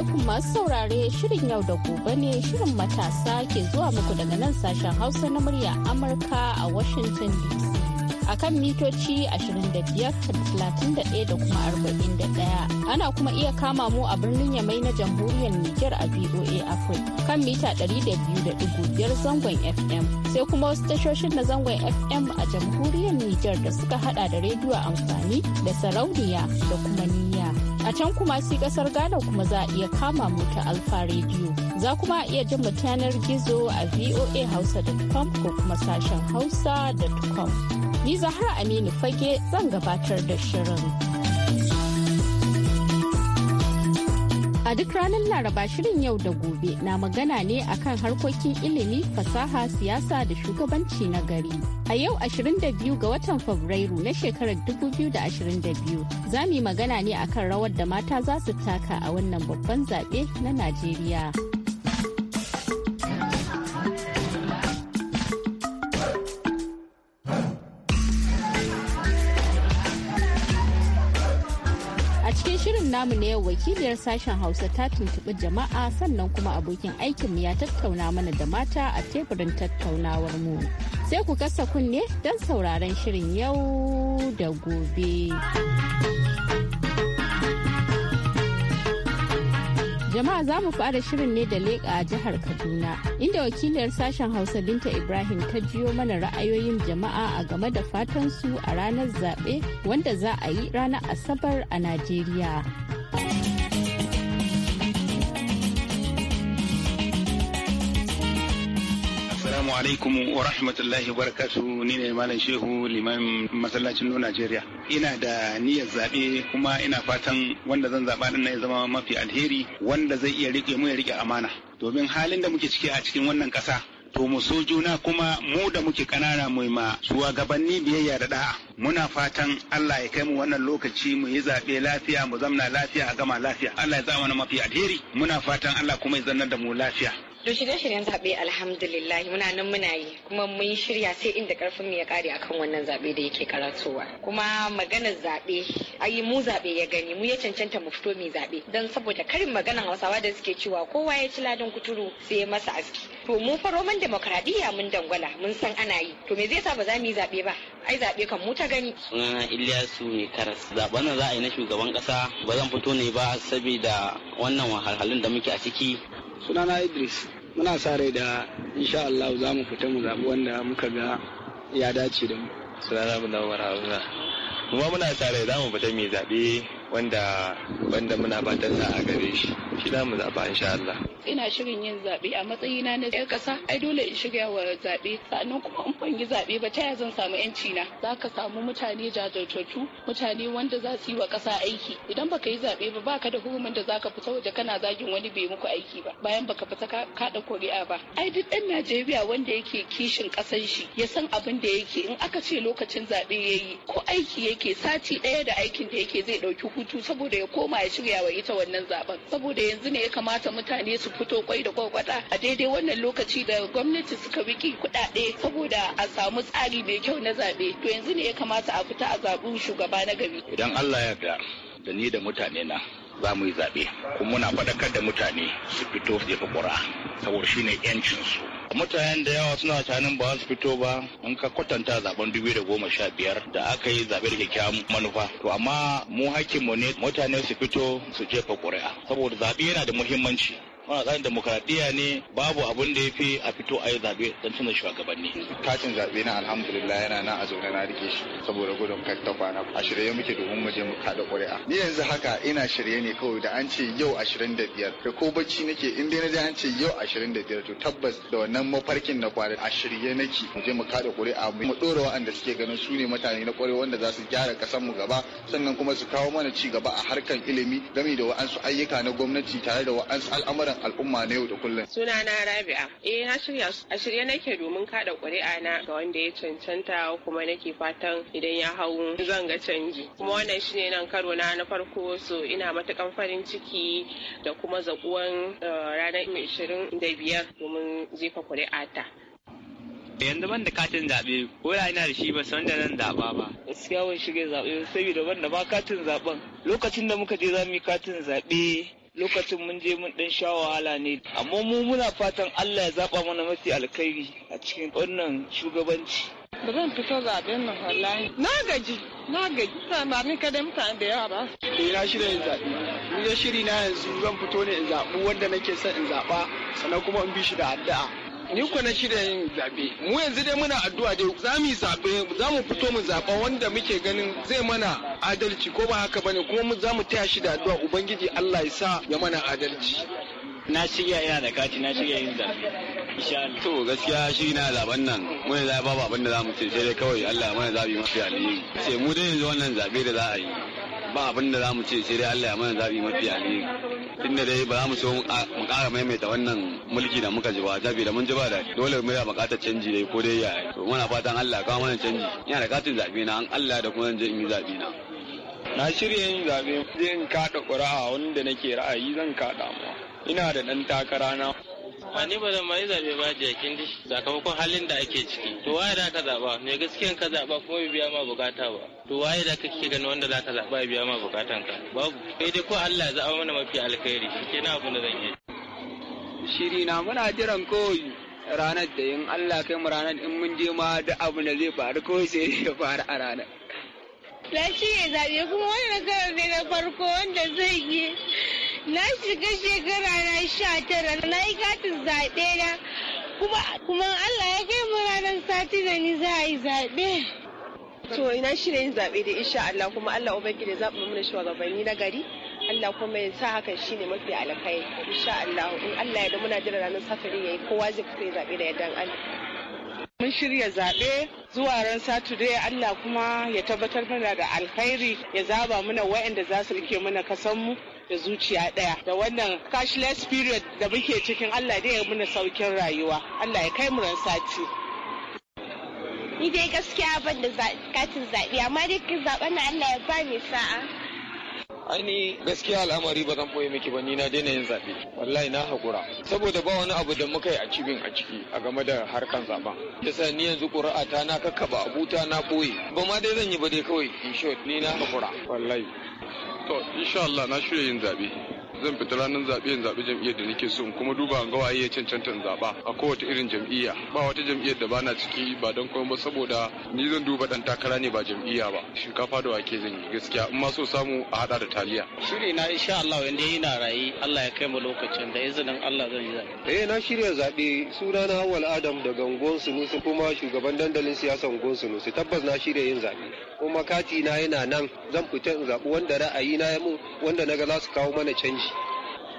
alaikum masu saurare shirin yau da gobe ne shirin matasa ke zuwa muku daga nan sashen Hausa na murya Amurka a Washington DC. a kan mitoci 25,31 da kuma 41. Ana kuma iya kama mu a birnin Yamai na jamhuriyar niger a VOA Africa kan mita 200.5 zangon FM. Sai kuma wasu tashoshin na zangon FM a jamhuriyar niger da suka hada da rediyo amfani da sarauniya da kuma niyya. A can kuma si kasar Ghana kuma za a iya kama mu ta Alfa Radio. Za kuma a iya jin mu gizo a voahausa.com ko kuma sashen hausa.com. Ni Zahra Aminu Fage zan gabatar da shirin. A duk ranar Laraba shirin yau da gobe na magana ne akan harkokin ilimi, fasaha, siyasa da shugabanci na gari. A yau 22 ga watan Fabrairu na shekarar 2022 za mu yi magana ne akan rawar da mata za su taka a wannan babban zaɓe na Najeriya. zamu na yau wakiliyar sashen Hausa ta tuntuɓi jama'a sannan kuma abokin aikinmu ya tattauna mana da mata a teburin tattaunawar mu. Sai ku kasa kunne don sauraron shirin yau da gobe. Jama'a za mu fara shirin ne da leƙa a jihar Kaduna, inda wakiliyar sashen Hausa Binta Ibrahim ta jiyo mana ra'ayoyin jama'a a game da fatan su a ranar zaɓe wanda za a yi ranar Asabar a Najeriya. Assalamu alaikum wa rahmatullahi wa ni ne Malam Shehu liman masallacin Najeriya. Ina da niyyar zaɓe kuma ina fatan wanda zan zaɓa ɗin ya zama mafi alheri wanda zai iya riƙe mu ya riƙe amana. Domin halin da muke ciki a cikin wannan ƙasa to mu so juna kuma mu da muke kanana mu ma gabanni biyayya da ɗa'a. muna fatan Allah ya kai mu wannan lokaci mu yi zaɓe lafiya mu zamna lafiya a gama lafiya Allah ya zama mafi alheri muna fatan Allah kuma ya zannar da mu lafiya To shirye-shiryen zaɓe alhamdulillah muna nan muna yi kuma mun shirya sai inda karfin mu ya kare akan wannan zaɓe da yake karatowa. Kuma maganar zaɓe ayi mu zaɓe ya gani mu ya cancanta mu fito mai zaɓe don saboda karin maganar Hausawa da suke cewa kowa ya ci ladin kuturu sai ya masa aski. To mu fa roman demokradiyya mun dangwala mun san ana yi to me zai sa ba za mu yi zaɓe ba ai zaɓe kan mu ta gani. Sunana Ilyasu Mai karas zaɓen nan za a yi na shugaban ƙasa ba zan fito ne ba saboda wannan wahalhalun da muke a ciki sunana idris muna sa rai da insha Allah za mu fita mu zaɓi wanda muka ga ya dace da mu sunana mu nawar hausa kuma muna sa rai za mu fita mai zaɓe wanda wanda muna fatan sa a gare shi shi za mu zaɓa insha Allah. Ina shirin yin zaɓe a matsayina na 'yar ƙasa ai dole in shirya wa zaɓe sannan kuma in ban yi zaɓe ba ta yaya zan samu 'yanci na za ka samu mutane jajirtattu mutane wanda za su yi wa ƙasa aiki idan baka yi zaɓe ba ba ka da hurumin da za zaka fita waje kana zagin wani bai muku aiki ba bayan ba baka fita kaɗa ƙuri'a ba ai duk ɗan Najeriya wanda yake kishin ƙasar shi ya san abin da yake in aka ce lokacin zaɓe ya yi ko aiki yake sati ɗaya da aikin da yake zai ɗauki hutu saboda ya koma ya shirya wa ita wannan zaɓen saboda yanzu ne ya kamata mutane su fito kwai da kwakwata a daidai wannan lokaci da gwamnati suka wiki kuɗaɗe saboda a samu tsari mai kyau na zaɓe to yanzu ne ya kamata a fita a zaɓi shugaba na gari. Idan Allah ya yarda da ni da mutane na za mu yi zaɓe kuma muna faɗakar da mutane su fito su jefa ƙura saboda shine su mutanen da yawa suna tanin ba su fito ba in ka kwatanta zaben dubu da goma sha biyar da aka yi zaɓe da kyakkyawan manufa to amma mu hakkinmu ne mutane su fito su jefa ƙuri'a saboda zaɓe yana da muhimmanci wannan tsarin demokradiyya ne babu abin da ya fi a fito a yi zaɓe don canza shugabanni. katin zaɓe na alhamdulillah yana na a zaune na rike shi saboda gudun kai ta kwana a shirye muke domin mu je mu kaɗa ƙuri'a ni yanzu haka ina shirye ne kawai da an ce yau ashirin da biyar da ko bacci nake in dai na je an ce yau ashirin da biyar to tabbas da wannan mafarkin na kwana a shirye nake mu je mu kaɗa ƙuri'a mu ɗora waɗanda suke ganin su ne mutane na ƙwarewa wanda za su gyara ƙasar mu gaba sannan kuma su kawo mana ci gaba a harkan ilimi game da wa'ansu ayyuka na gwamnati tare da wa'ansu al'amuran al'umma na yau da kullum. Suna na Rabi'a. Eh na shirya a shirye nake domin kada ƙuri'a na ga wanda ya cancanta kuma nake fatan idan ya hau zan ga canji. Kuma wannan shine nan karo na na farko so ina matukan farin ciki da kuma zaƙuwan eh, ranar 25 domin jefa ƙuri'a ta. yanzu ban da katin zaɓe ko da ina da shi ba san da nan zaɓa ba. Gaskiya ban shige zaɓe saboda ban da ba katin zaɓen lokacin da muka je za mu yi katin zaɓe lokacin mun je mun dan sha wahala ne amma mu muna fatan Allah ya zaba mana mafi alkhairi a cikin wannan shugabanci ba zan fito zaben nan wallahi na gaji na gaji ba kadai mutane da yawa ba eh na shirya yin zaɓi. ni da shiri na yanzu zan fito ne in zaɓi wanda nake son in zaɓa sannan kuma in bi shi da addu'a ni ko na shirya yin zaɓe mu yanzu dai muna addu'a dai za mu yi zaɓe za mu fito mu zaɓa wanda muke ganin zai mana adalci ko ba haka bane kuma za mu taya shi da addu'a ubangiji Allah ya sa ya mana adalci na shirya yana da kati na shirya yin zaɓe insha Allah to gaskiya shi na zaben nan mu ne za ba abin da za mu ce sai dai kawai Allah ya mana zabi mafi alheri sai mu dai yanzu wannan zaɓe da za a yi ba abin da za mu ce sai dai Allah ya mana zaɓi mafi alheri tunda dai ba za mu so mu ƙara maimaita wannan mulki da muka ji ba zabi da mun ji ba da dole mu ya buƙatar canji dai ko dai yaya to muna fatan Allah ya kawo mana canji ina da katin zaɓe na an Allah da kuma zan je in yi zaɓe na na shirya yin zaɓe zan kada ƙuri'a wanda nake ra'ayi zan kada mu ina da ɗan takara na a ni ba da mai zabe ba jakin dishi sakamakon halin da ake ciki to waye da ka zaba ne gaskiyan ka zaba kuma bai biya ma bukata ba to waye da kake gani wanda za ka zaba ya biya ma bukatan ka babu sai dai ko Allah ya zaba mana mafi alkhairi na abin da zan yi shirina muna jiran koyi ranar da yin Allah kai mu ranar in mun je ma da abin da zai faru ko sai ya faru a ranar. Lashi ya zaɓe kuma wanda ne na farko wanda zai yi na shiga shekara na sha tara na yi katin zaɓe na kuma Allah ya kai mu ranar sati da ni za a yi zaɓe. To ina shirya yin zaɓe da insha Allah kuma Allah da zaɓi mana shugabanni na gari. Allah kuma ya sa hakan shine mafi alkai insha Allah in Allah ya da muna jira ranar safari yayi kowa zai fito ya zaɓe da yadda Allah mun shirya zaɓe zuwa ran Saturday Allah kuma ya tabbatar mana da alkhairi ya zaba mana wa'anda za su rike mana kasanmu da zuciya ɗaya da wannan cashless period da muke cikin Allah dai ya muna saukin rayuwa Allah ya kai mu ran sati ni dai gaskiya ban da katin zaɓe amma dai zaɓen na Allah ya ba ni sa'a aini gaskiya al'amari ba zan boye miki ba ni na daina yin zaɓe wallahi na haƙura saboda ba wani abu da muka yi a cibin a ciki a game da harkan zaɓen yasa ni yanzu ƙuri'a ta na kakkaba abuta na ɓoye ba ma dai zan yi ba dai kawai in short ni na haƙura wallahi To, insha Allah na shirya yin zaɓe. zan fita ranar zaɓe in zaɓi jam'iyyar da nake so kuma duba ga waye ya cancanta in zaɓa a kowace irin jam'iyya ba wata jam'iyyar da bana ciki ba don kuma ba saboda ni zan duba dan takara ne ba jam'iyya ba shinkafa da wake zan yi gaskiya in ma so samu a hada da taliya shiri na insha Allah wanda yana rayi Allah ya kai mu lokacin da izinin Allah zan yi zaɓe eh na shirya zaɓe sunana Hawwal Adam daga Ungon Sunusi kuma shugaban dandalin siyasar Ungon Sunusi tabbas na shirya yin zaɓe kuma kati na yana nan zan fita in zaɓi wanda ra'ayi na ya mun wanda naga za su kawo mana canji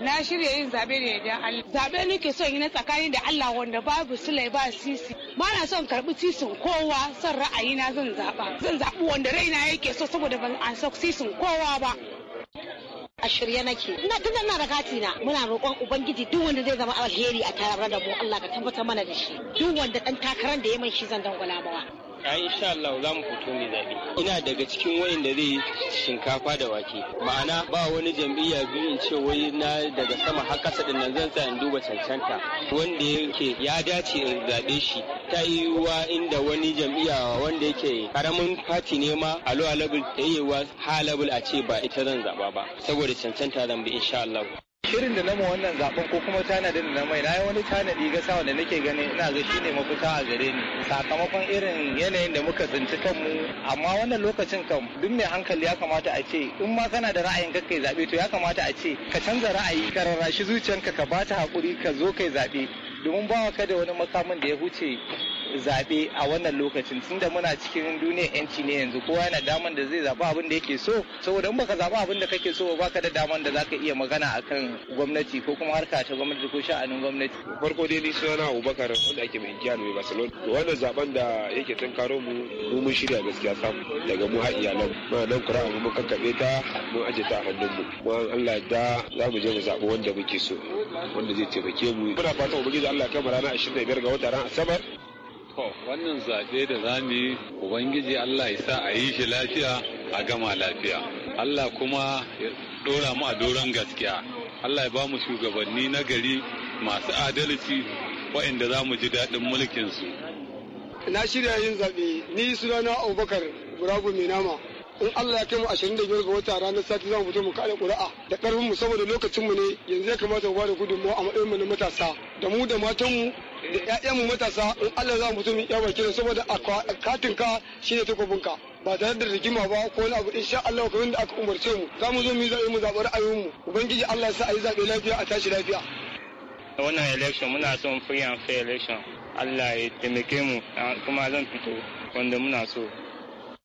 na shirya yin zabe ne da Allah zabe nake son yi na tsakani da Allah wanda babu sulai ba sisi ba na son karbi sisin kowa son ra'ayi na zan zaba zan zabi wanda raina yake so saboda ban an sisin kowa ba a shirye nake ina tun na da na. muna roƙon ubangiji duk wanda zai zama alheri a tare da mu Allah ka tabbatar mana da shi duk wanda ɗan takarar da ya mai shi zan dangwala mawa yi sha Allah za mu fito mai zaɓe ina daga cikin da zai shinkafa da wake ma'ana ba wani jam'iyya biyu in ce wai na daga sama har kasa din nan zan sa in duba cancanta wanda yake ya dace in zaɓe shi ta yi wa inda wani jam'iyya wanda yake karamin fati ne ma a lo'a level da yiwuwa high level a ce ba ita zan zaɓa ba saboda cancanta zan bi sha Allah shirin da na mu wannan zaben ko kuma tanadin da na mai na yi wani tanadi gasa wanda nake ganin ina ga shi ne mafita a gare ni sakamakon irin yanayin da muka tsinci kanmu amma wannan lokacin kam duk mai hankali ya kamata a ce in ma kana da ra'ayin kai zaɓe to ya kamata a ce ka canza ra'ayi ka rarrashi zuciyanka ka bata hakuri ka zo kai zaɓe domin ba ka da wani makamin da ya huce zaɓe a wannan lokacin tunda muna cikin duniyar yanci ne yanzu kowa yana daman da zai zaɓi abin da yake so saboda in baka zaɓi abin da kake so ba ka da daman da zaka iya magana akan gwamnati ko kuma harka ta gwamnati ko sha'anin gwamnati. farko dai ni sunana abubakar wanda ake mai giya mai barcelona to wannan zaben da yake tun karo mu mu mun shirya gaskiya samu daga mu har iyalan mu nan kura mu mun kabe ta mun aje ta a hannun mu kuma Allah da za mu je mu zaɓi wanda muke so wanda zai taimake mu muna fatan ubangiji Allah ya kama ranar 25 ga watan ran asabar To, wannan zaɓe da za mu yi, Ubangiji Allah ya sa a yi shi lafiya a gama lafiya. Allah kuma ya ɗora mu a doron gaskiya. Allah ya ba mu shugabanni na gari masu adalci waɗanda za mu ji daɗin mulkinsu. Na shirya yin zaɓe, ni sunana Abubakar Burabu mai nama. in Allah ya kai mu biyar ga wata ranar sati za mu fito mu kaɗa ƙuri'a da ƙarfin mu saboda lokacin mu ne yanzu ya kamata mu bada gudunmawa a matsayin mu na matasa da mu da matan mu yayan mu matasa in Allah za mu mutum ya kira saboda akwa katin ka shine takobin ka ba tare da rigima ba ko wani abu insha Allah kamar da aka umarce mu za mu zo mu yi zaɓe mu zaɓi ra'ayoyin mu ubangiji Allah ya sa a yi zaɓe lafiya a tashi lafiya wannan election muna son free and fair election Allah ya taimake mu kuma zan fito wanda muna so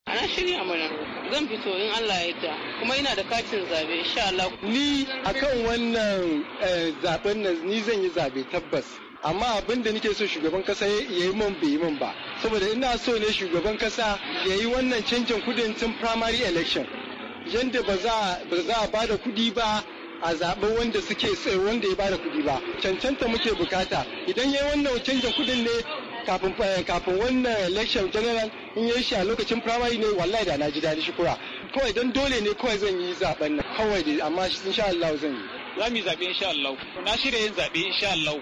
ana shirya mana zan fito in Allah ya ta kuma ina da katin zabe insha Allah ni akan wannan eh, zaben nan ni zan yi zabe tabbas amma abin da nake so shugaban kasa ya yi min bai yi min ba saboda ina so ne shugaban kasa ya yi wannan canjin kudin tun primary election yadda ba za a ba da kudi ba a zaɓi wanda suke tsaye wanda ya ba da kudi ba cancanta muke bukata idan ya yi wannan canjin kudin ne kafin eh, kafin wannan election general in ya shi a lokacin primary ne wallahi da na ji daɗi shukura kawai don dole ne kawai zan yi zaben nan kawai amma insha Allah zan yi za mu yi zaɓe insha Allah na shirya yin zaɓe insha Allah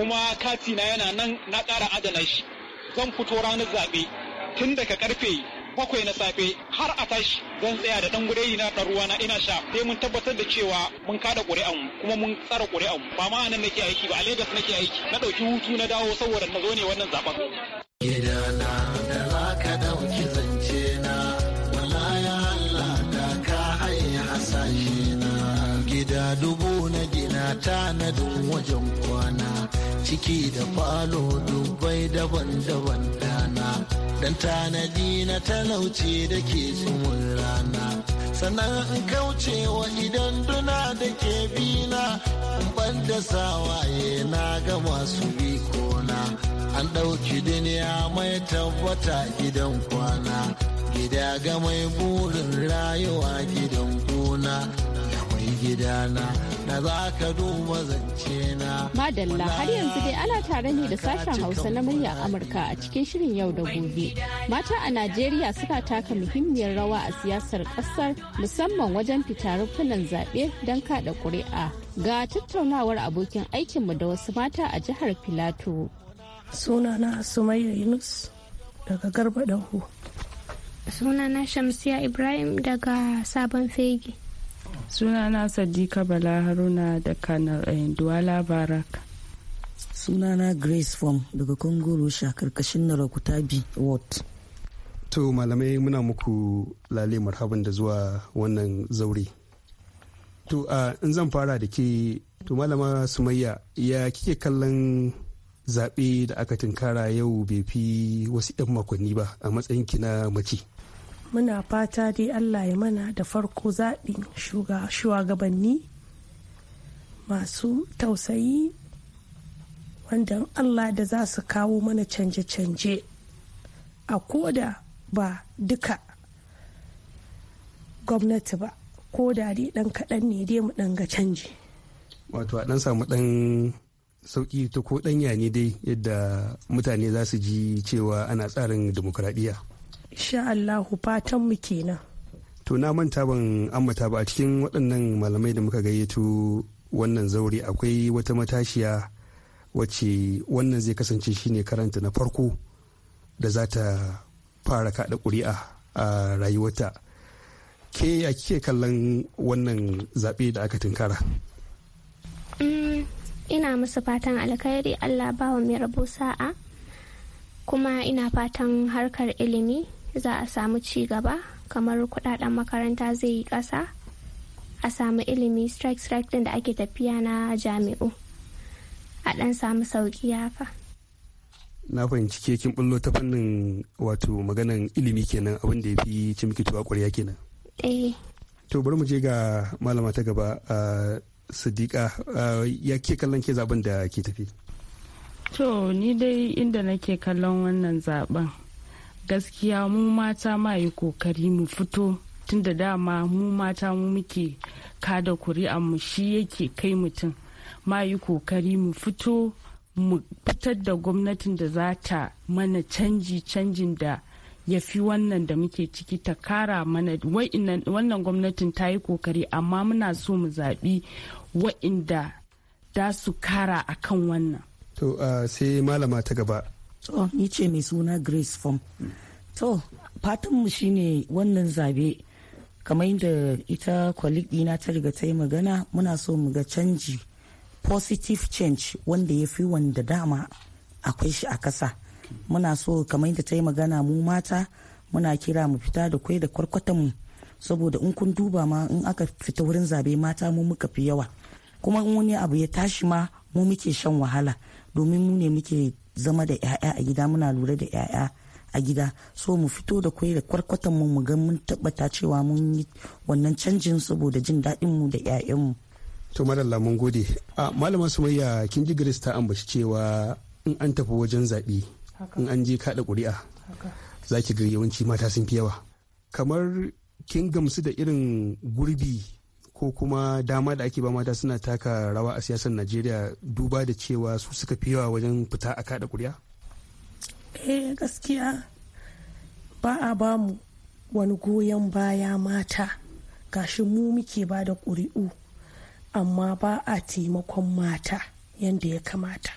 kuma kati na yana nan na ƙara adana shi zan fito ranar zaɓe tun daga karfe bakwai na safe har a tashi zan tsaya da ɗan gudai na ɗan ruwa na ina sha sai mun tabbatar da cewa mun kada ƙuri'an kuma mun tsara ƙuri'an ba ma nan nake aiki ba a Legas nake aiki na ɗauki hutu na dawo saboda na zo ne wannan zaɓen. Gidana da za ka ɗauki zance na walaya Allah da ka haye hasashe na gida dubu na gina tanadin wajen ciki da falo dubbai daban-daban dana dan tanadi na talauce da ke tsumin rana sannan in kauce wa idan duna da ke bina in ban da sawaye na ga masu bikona an ɗauki duniya mai tabbata gidan kwana gida ga mai burin rayuwa gidan gona da mai gidana na za ka duba zance na. Madalla har yanzu dai ana tare ne da sashen Hausa na murya Amurka a cikin shirin yau da gobe. Mata a Najeriya suka taka muhimmiyar rawa a siyasar kasar musamman wajen fita rufunan zaɓe don kaɗa ƙuri'a. Ga tattaunawar abokin aikinmu da wasu mata a jihar Filato. Sunana Sumayya Yunus daga Garba Dahu. Sunana Shamsiya Ibrahim daga Sabon Fegi. sunana sadiqa bala haruna da kanar duwala barak sunana grace form daga congo rusha karkashin narakutabi ward to malamai muna muku lale marhaban da zuwa wannan zaure to a in zan fara da ke to malama sumayya ya kike kallon zaɓe da aka tunkara yau bai fi wasu 'yan makonni ba a matsayin ki na mace muna fata dai allah ya mana da farko zaɓi shugabanni masu tausayi wanda allah da za su kawo mana canje-canje a koda ba duka gwamnati ba ko da dai dan kaɗan ne dai mu ɗan ga canji wato a ɗan samu ɗan sauki ta ko ɗanya ne dai yadda mutane za su ji cewa ana tsarin demokuraɗiyya insha Allahu fatan mu kenan to na manta ban ambata ba a cikin waɗannan malamai da muka gayyato wannan zaure akwai wata matashiya wacce wannan zai kasance shine karanta na farko da za ta fara kaɗa ƙuri'a a rayuwarta ke ya kike kallon wannan zaɓe da aka tunkara mm, ina musu fatan alkhairi allah bawa mai rabo sa'a kuma ina fatan harkar ilimi za a samu ci gaba kamar kudaden makaranta zai yi ƙasa a samu ilimi strike strike din da ake tafiya na jami'u a ɗan samu sauƙi haka na fahimci ke kin bullo ta fannin wato maganan ilimi kenan abin da ya fi cimkituwa ƙwarya kenan eh to bari mu je ga malama ta gaba sadiqa ya ke kallon ke zaben da ke tafi to ni dai inda nake kallon wannan zaben gaskiya mu mata ma yi kokari mu fito tun da dama mu mata mu muke kada kuri'a mu shi yake kai mutum ma yi kokari mu fito mu fitar da gwamnatin da za ta mana canji canjin da ya fi wannan da muke ciki ta kara mana wannan gwamnatin ta yi kokari amma muna so mu zaɓi wa'inda da su kara akan wannan to ah, sai malama ta gaba to ni ce mai suna grace form to fatanmu shine wannan zabe kamar yadda ita na ta riga ta yi magana muna so mu ga canji positive change wanda ya fi wanda dama akwai shi a kasa muna so kamar yadda ta yi magana mu mata muna kira mu fita da kwai da kwarkwatanmu saboda in kun duba ma in aka fita wurin zabe mata mu muka fi yawa kuma in wani abu ya tashi ma mu muke shan wahala domin mu ne muke zama da 'ya'ya a gida muna lura da 'ya'ya a gida so mu fito da kwai da kwarkwatan mu mu ga mun tabbata cewa mun yi wannan canjin saboda jin daɗin mu da 'ya'yan mu to madalla mun gode a malama sumayya kin ji grace ta ambaci cewa in an tafi wajen zaɓe in an je kaɗa ƙuri'a za ki ga yawanci mata sun fi yawa kamar kin gamsu da irin gurbi ko kuma dama da ake ba mata suna taka rawa a siyasar najeriya duba da cewa su suka fi yawa wajen fita a kada kuri'a eh gaskiya ba a ba mu wani goyon baya mata gashi mu muke ba da ƙuri'u amma ba a taimakon mata yadda ya kamata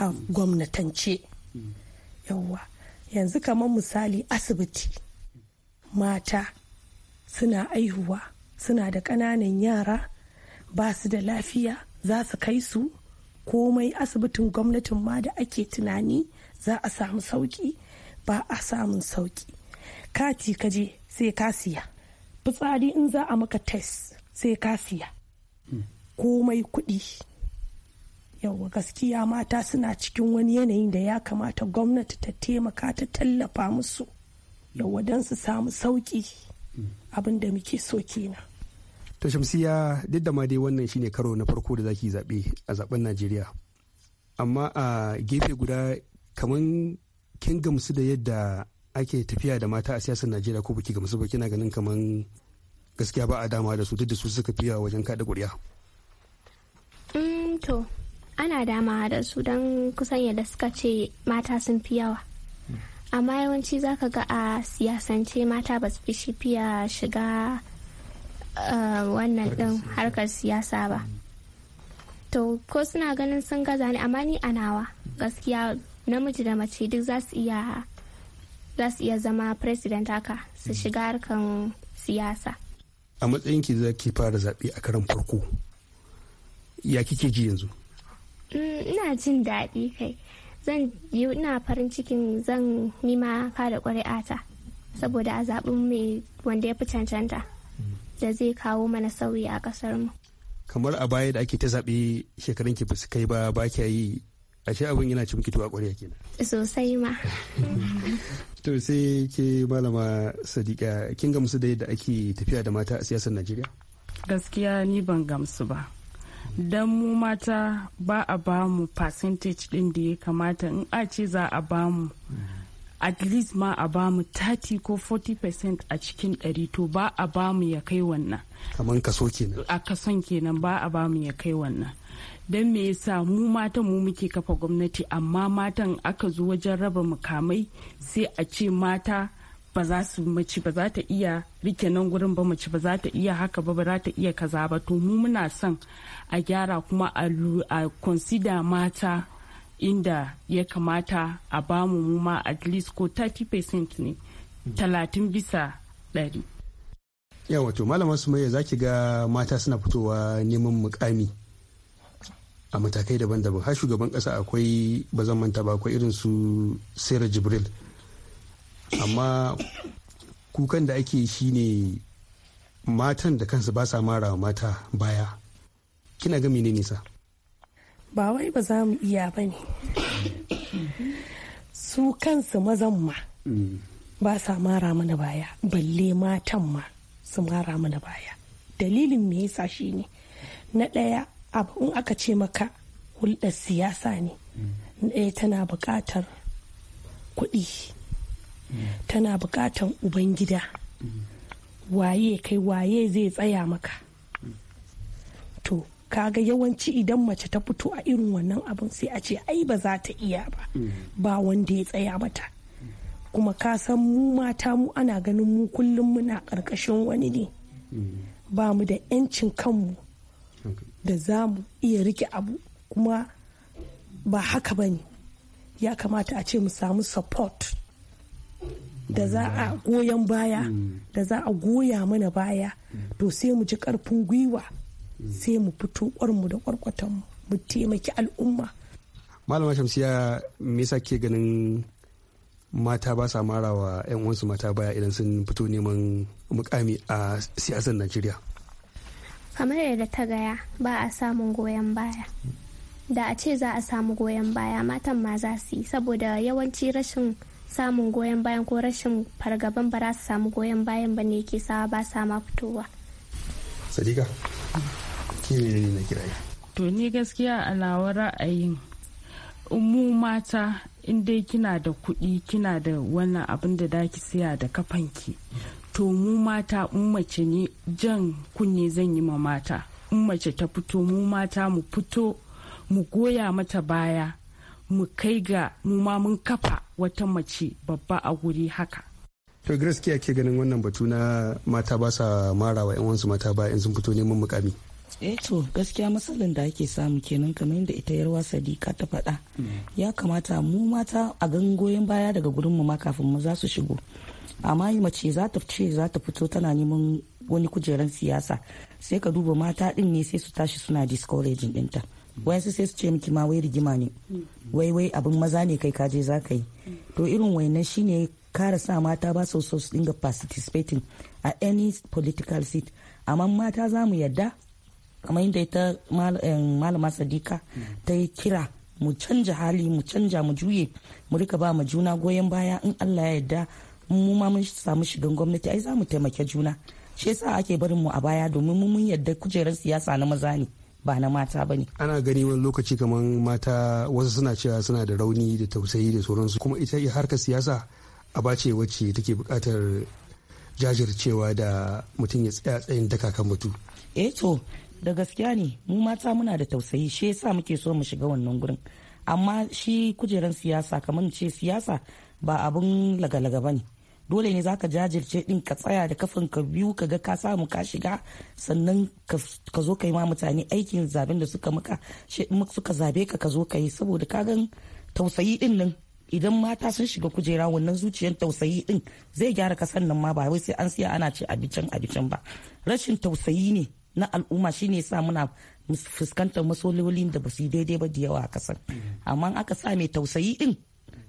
a gwamnatance yawwa yanzu kamar misali asibiti mata suna aihuwa suna da ƙananan yara ba su da lafiya za su kai su komai asibitin gwamnatin ma da ake tunani za a samu sauki ba a samun sauki kati kaje sai ka siya fitsari in za a maka test sai ka siya komai kuɗi yawa gaskiya mata suna cikin wani yanayin da ya kamata gwamnati ta taimaka ta tallafa musu yawa don su samu sauki abinda muke so kenan to shamsiya duk da ma dai wannan shine karo na farko da zaki zaɓe a zaben najeriya amma a gefe guda kamar kin gamsu da yadda ake tafiya da mata a siyasar najeriya ko baki gamsu ba kina ganin kaman gaskiya ba a dama da su duk da su suka fiya wajen kada kuri'a mm, to ana dama da su don kusan yadda suka ce mata sun fi yawa amma yawanci zaka ga a siyasance mata ba su fi fiya shiga Eh, wannan din harkar siyasa ba mm. to ko suna ganin sun gaza ne amma ni a nawa gaskiya namiji da mace duk za su iya zama president haka su mm. shiga harkan siyasa a matsayin ki za ki fara zaɓe a karan farko ya kike ji yanzu mm, ina jin daɗi kai zan yi ina farin cikin zan nima kada ƙuri'ata saboda a zaɓin mai wanda ya fi cancanta da zai kawo mana sauyi a kasar mu kamar a baya da ake ta zaɓe shekarun ki basu kai ba ba kya yi ashe abin yana ci miki a ƙwarya kenan sosai ma to sai ke malama sadiqa kin gamsu da yadda ake tafiya da mata a siyasar najeriya gaskiya ni ban gamsu ba don mu mata ba a ba mu percentage din da ya kamata in a ce za a ba mu at least ma a bamu 30 ko 40% a cikin 100 to ba a bamu ya kai wannan kaman kaso kenan a kason kenan ba a bamu ya kai wannan don me yasa mu matan mu muke kafa gwamnati amma matan aka zo wajen raba mukamai sai a ce mata ba za su mace ba za ta iya rike nan gurin ba mace ba za ta iya haka ba ba za ta iya kaza ba to mu muna son a gyara kuma a consider mata inda ya kamata a bamu mu ma at least ko 30% ne talatin bisa ɗari. yawa to malama maye za ki ga mata suna fitowa neman mukami a matakai daban-daban har shugaban ƙasa akwai ba zan manta ba akwai irin su sarah jibril amma kukan da ake ne matan da kansu ba sa mara mata baya kina ga menene nisa ba wai ba za mu iya ba ne su kansu mazan ma ba sa mara mana baya balle matan ma su mara mana baya dalilin me yasa shi ne na ɗaya abu in aka ce maka hulɗar siyasa ne ɗaya tana buƙatar kuɗi tana buƙatar ubangida waye kai waye zai tsaya maka kaga yawanci idan mace ta fito a irin wannan abin sai a ce ai ba za ta iya ba ba wanda ya tsaya mata kuma ka san mu mata mu ana ganin mu kullum muna karkashin wani ne ba mu da 'yancin kanmu da za mu iya rike abu kuma ba haka ba ne ya kamata a ce mu samu support da za a goyon baya da za a goya mana baya to sai mu ji ƙarfin gwiwa sai mu fito kwarmu da kwarkwatan mu taimaki al'umma malama shamsiya me yasa ke ganin mata ba sa marawa 'yan uwansu mata baya idan sun fito neman mukami a siyasar najeriya kamar yadda ta gaya ba a samun goyon baya da a ce za a samu goyon baya matan ma za su yi saboda yawanci rashin samun goyon bayan ko rashin fargaban ba za su samu goyon bayan ba ne ke sawa ba sa ma fitowa sadika shi ne na kira to ni gaskiya a nawa ra'ayin mu mata in dai kina da kuɗi kina da wannan abin da daki siya da kafanki to mu mata in mace ne jan kunne zan yi ma mata in mace ta fito mu mata mu fito mu goya mata baya mu kai ga mu ma mun kafa wata mace babba a guri haka to gaskiya ke ganin wannan batu na mata ba sa marawa 'yan wasu mata ba in sun fito neman mukami eh to gaskiya matsalin da ake samu kenan kamar yadda ita yarwa sadiqa ta faɗa mm. ya kamata mu mata a goyon baya daga gurin mu ma kafin mu za su shigo amma mace za ta ce za ta fito tana neman wani kujeran siyasa sai ka duba mata din ne sai su tashi suna discouraging dinta mm. su sai su ce miki ma wai rigima ne mm. wai wai abin maza ne kai kaje za ka yi to irin wayannan shine kara sa mata ba su so su dinga participating a any political seat amma mata za mu yadda kamar yadda ita malama sadika ta yi kira mu canja hali mu canja mu juye mu rika ba ma juna goyon baya in allah ya yarda mu ma mun samu shigan gwamnati ai za mu taimake juna shi yasa ake barin mu a baya domin mun yarda kujerar siyasa na maza ne ba na mata ba ne. Ana gani wani lokaci kamar mata wasu suna cewa suna da rauni da tausayi da sauransu kuma ita harkar siyasa a bace wacce take bukatar jajircewa da mutum ya tsaya tsayin daka kan mutu. Eh to da gaskiya ne mu mata muna da tausayi shi yasa muke so mu shiga wannan gurin amma shi kujeran siyasa kamar ce siyasa ba abun lagalaga ba ne dole ne zaka jajirce din ka tsaya da kafin ka biyu ka ga ka samu ka shiga sannan ka zo ka yi ma mutane aikin zaben da suka muka suka zabe ka ka zo ka yi saboda ka gan tausayi din nan idan mata sun shiga kujera wannan zuciyar tausayi din zai gyara kasan nan ma ba wai sai an siya ana ce abicin abicin ba rashin tausayi ne na al'umma shine sa muna fuskantar masololin da ba su daidai ba da yawa a kasan amma aka sa mai tausayi din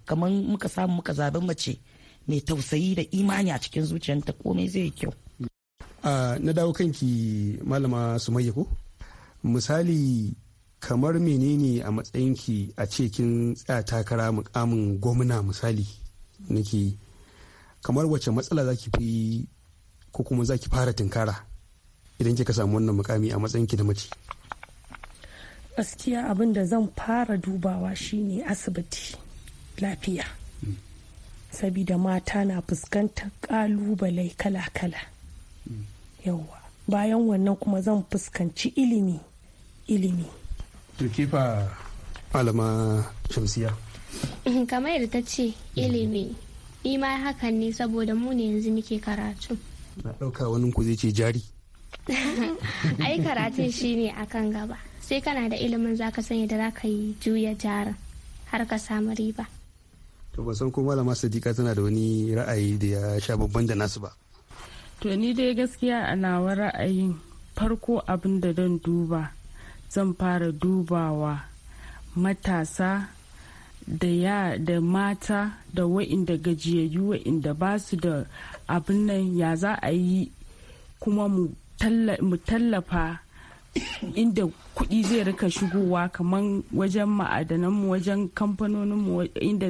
kamar muka samu muka zaɓi mace mai tausayi da imani a cikin zuciyarta komai zai kyau na dawo kanki malama su ko misali kamar menene a matsayin ki a cikin kin tsaya takara mukamin gwamna misali nake kamar wace matsala zaki fi ko kuma zaki fara tinkara. idan kika samu wannan mukami a matsayin ki na mace gaskiya abin da zan fara dubawa shine asibiti lafiya mm. sabida mata na fuskantar kalubale kala-kala mm. yawwa bayan wannan kuma zan fuskanci ilimi ilimi kifa alama shamsiya kamar yadda ta ce ilimi ni ma hakan ne saboda mu ne yanzu muke karatu na ɗauka wani ku zai ce jari ai karatun shine kan gaba sai kana da ilimin zaka sanya da ka yi juya jarin har ka samu riba to ba san ko malama sadiqa tana da wani ra'ayi da ya sha babban da nasu ba to ni dai gaskiya a nawa ra'ayin farko abin da don duba zan fara dubawa matasa da ya da mata da wa'inda gajiyayyu wa'inda ba su da abin nan ya za a yi kuma mu mu tallafa inda kuɗi zai rika shigowa kamar wajen ma'adananmu wajen kamfanoninmu inda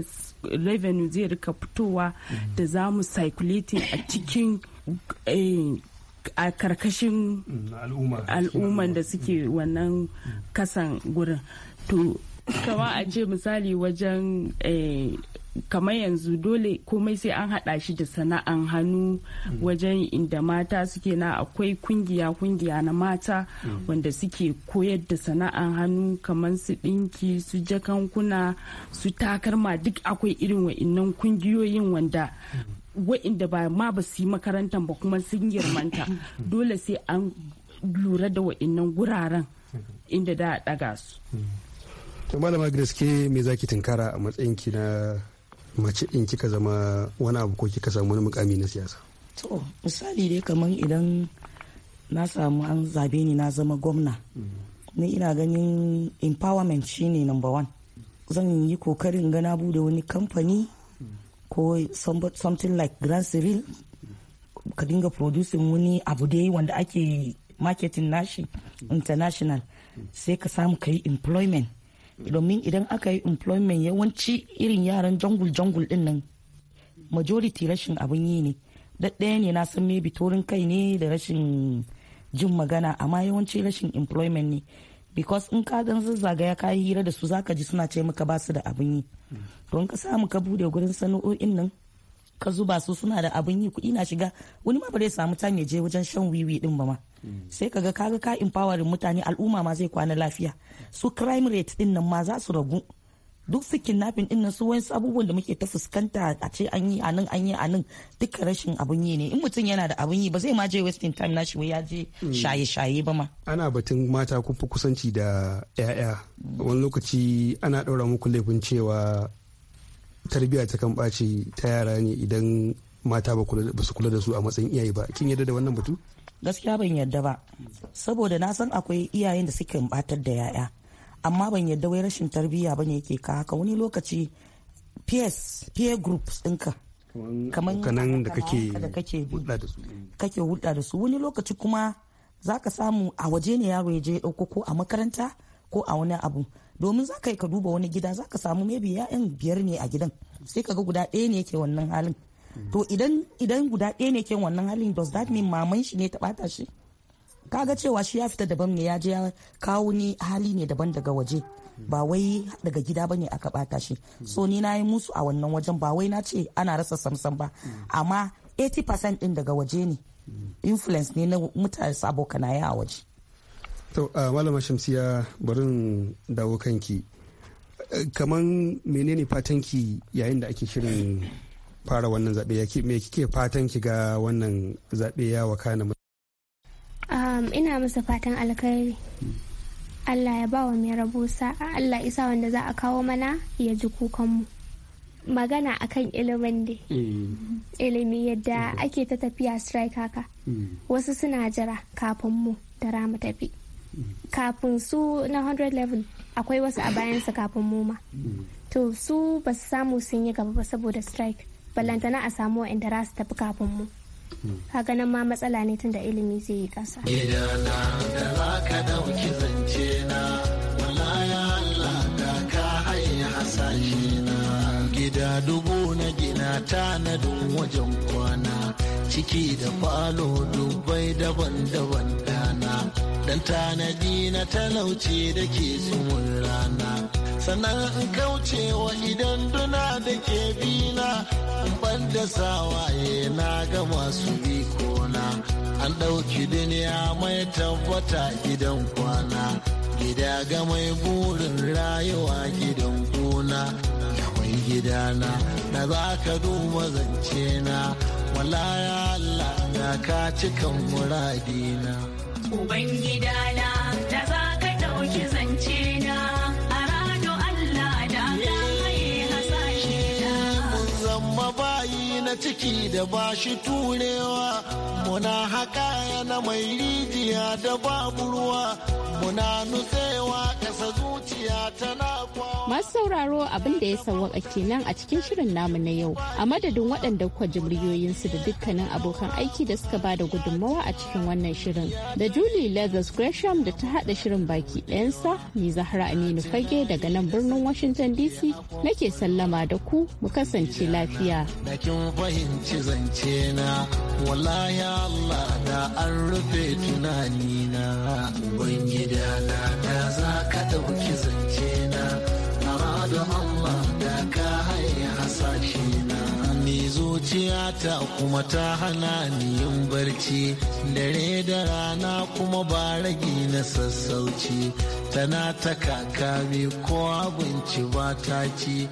revenue zai rika fitowa da za mu circulating a cikin eh, a karkashin al'umman da suke wannan kasan gurin to kama a ce misali wajen eh, kamar yanzu dole komai sai an hada shi da sana'an hannu wajen inda mata suke na akwai kungiya kungiya na mata wanda suke koyar da sana'an hannu kamar su ɗinki su jakankuna su takarma duk akwai irin wa'innan kungiyoyin wanda wa'inda ba ma ba su yi makarantar ba kuma sun girmanta dole sai an lura da wa'innan guraren inda da a daga su. to malama ke me zaki tunkara a matsayinki na mace in kika zama wani abu ko kika samu wani mukami na siyasa to misali dai kamar idan na samu an zabe ni na zama gwamna mm. ni ina ganin empowerment shine number one zan yi kokarin gana bude wani kamfani mm. ko something like grand civil ka dinga producing wani abu dai wanda ake marketing nashi mm. international sai ka samu ka yi employment domin idan aka yi employment yawanci irin yaran jungle jungle din nan majority rashin abin yi ne daɗaya ne na san me bitorin kai ne da rashin jin magana amma yawanci rashin employment ne because in ka dan zazzagaya ka yi hira da su zaka ji suna ce maka basu da abin yi don ka samu ka bude gurin sana'o'in nan ka zuba su suna da abin yi kuɗi na shiga wani ma ba zai samu time ya je wajen shan wiwi din ba ma sai kaga kaga ka empowering mutane al'umma ma zai kwana lafiya su crime rate din nan ma za su ragu duk su kidnapping din nan su wani abubuwan da muke ta fuskanta a ce an yi anan an yi anan duka rashin abun yi ne in mutum yana da abun yi ba zai ma je wasting time na shi ya je mm. shaye shaye ba ma ana batun mata ku fi kusanci da yaya wani lokaci ana daura muku laifin cewa tarbiyya ta kan ɓaci ta yara ne idan mata ba su kula da su a matsayin iyaye ba kin yadda da wannan batu gaskiya ban yarda ba saboda na san akwai iyayen da suke batar da yaya amma ban yarda wai rashin tarbiyya ne yake ka haka wani lokaci peers peer groups ɗinka kamar kanan da kake hulɗa da su kake hulɗa da su wani lokaci kuma zaka samu a waje ne yaro ya je ya ɗauko ko a makaranta ko a wani abu domin za ka yi ka duba wani gida za ka samu maybe ya'yan biyar ne a gidan sai ka ga guda ɗaya ne yake wannan halin to idan idan guda ɗaya ne ke wannan halin does that mean maman shi ne ta bata shi kaga cewa shi ya fita daban ne ya je ya kawo ni hali ne daban daga waje ba wai daga gida ba ne aka bata shi so ni na yi musu a wannan wajen ba wai na ce ana rasa samsam ba amma 80% din daga waje ne influence ne na mutane abokanaya a waje to malama shamsiya barin dawo kanki kaman menene fatanki yayin da ake shirin fara wannan zaɓe me kike fatan ki ga wannan zaɓe ya wakana um, ina masa fatan alkhairi Allah ya ba wa mai rabo sa'a Allah isa wanda za a kawo mana ya ji kukanmu magana akan ilimin ne mm. ilimi yadda mm. ake ta tafiya strike haka mm. wasu suna jira kafin mu da ramu tafi kafin su na 100 level akwai wasu a bayansa kafin mu ma to su ba su samu sun yi gaba ba saboda strike ballantana a samu wa'anda za su tafi kafin mu haganan hmm. ma matsala ne tunda ilimi zai yi ƙasa. gidana da za ka dauki zance na ya Allah da ka hasashe na gida dubu na gina tanadin wajen kwana ciki da falo dubbai daban-daban dana dan tanadi na talauci da ke tsumin rana sannan in kaucewa idan duna da ke bina ban da sawaye na ga masu bikona an ɗauki duniya mai tabbata gidan kwana gida ga mai burin rayuwa gidan gona da mai gidana da za ka duba zance na walaya Allah da ka cikan muradina ubangidana da za ka ɗauki zance ciki da ba shi turewa muna haka yana mai rijiya da babu ruwa muna nutsewa kasa zuciya tana kwa masu sauraro abin da ya sawwaka kenan a cikin shirin namu na yau a madadin waɗanda kwa jimriyoyinsu da dukkanin abokan aiki da suka ba da gudunmawa a cikin wannan shirin da julie leathers gresham da ta haɗa shirin baki ɗayansa ni zahra aminu fage daga nan birnin washington dc nake sallama da ku mu kasance lafiya. fahimci zance na wala ya Allah da an rufe tunani na ubangida na da za ka ɗauki zance na amma da Allah da ka haye hasashe na ni zuciyata kuma ta hana ni yin barci dare da rana kuma ba ragi na sassauci tana ta kakami ko abinci ba ta ci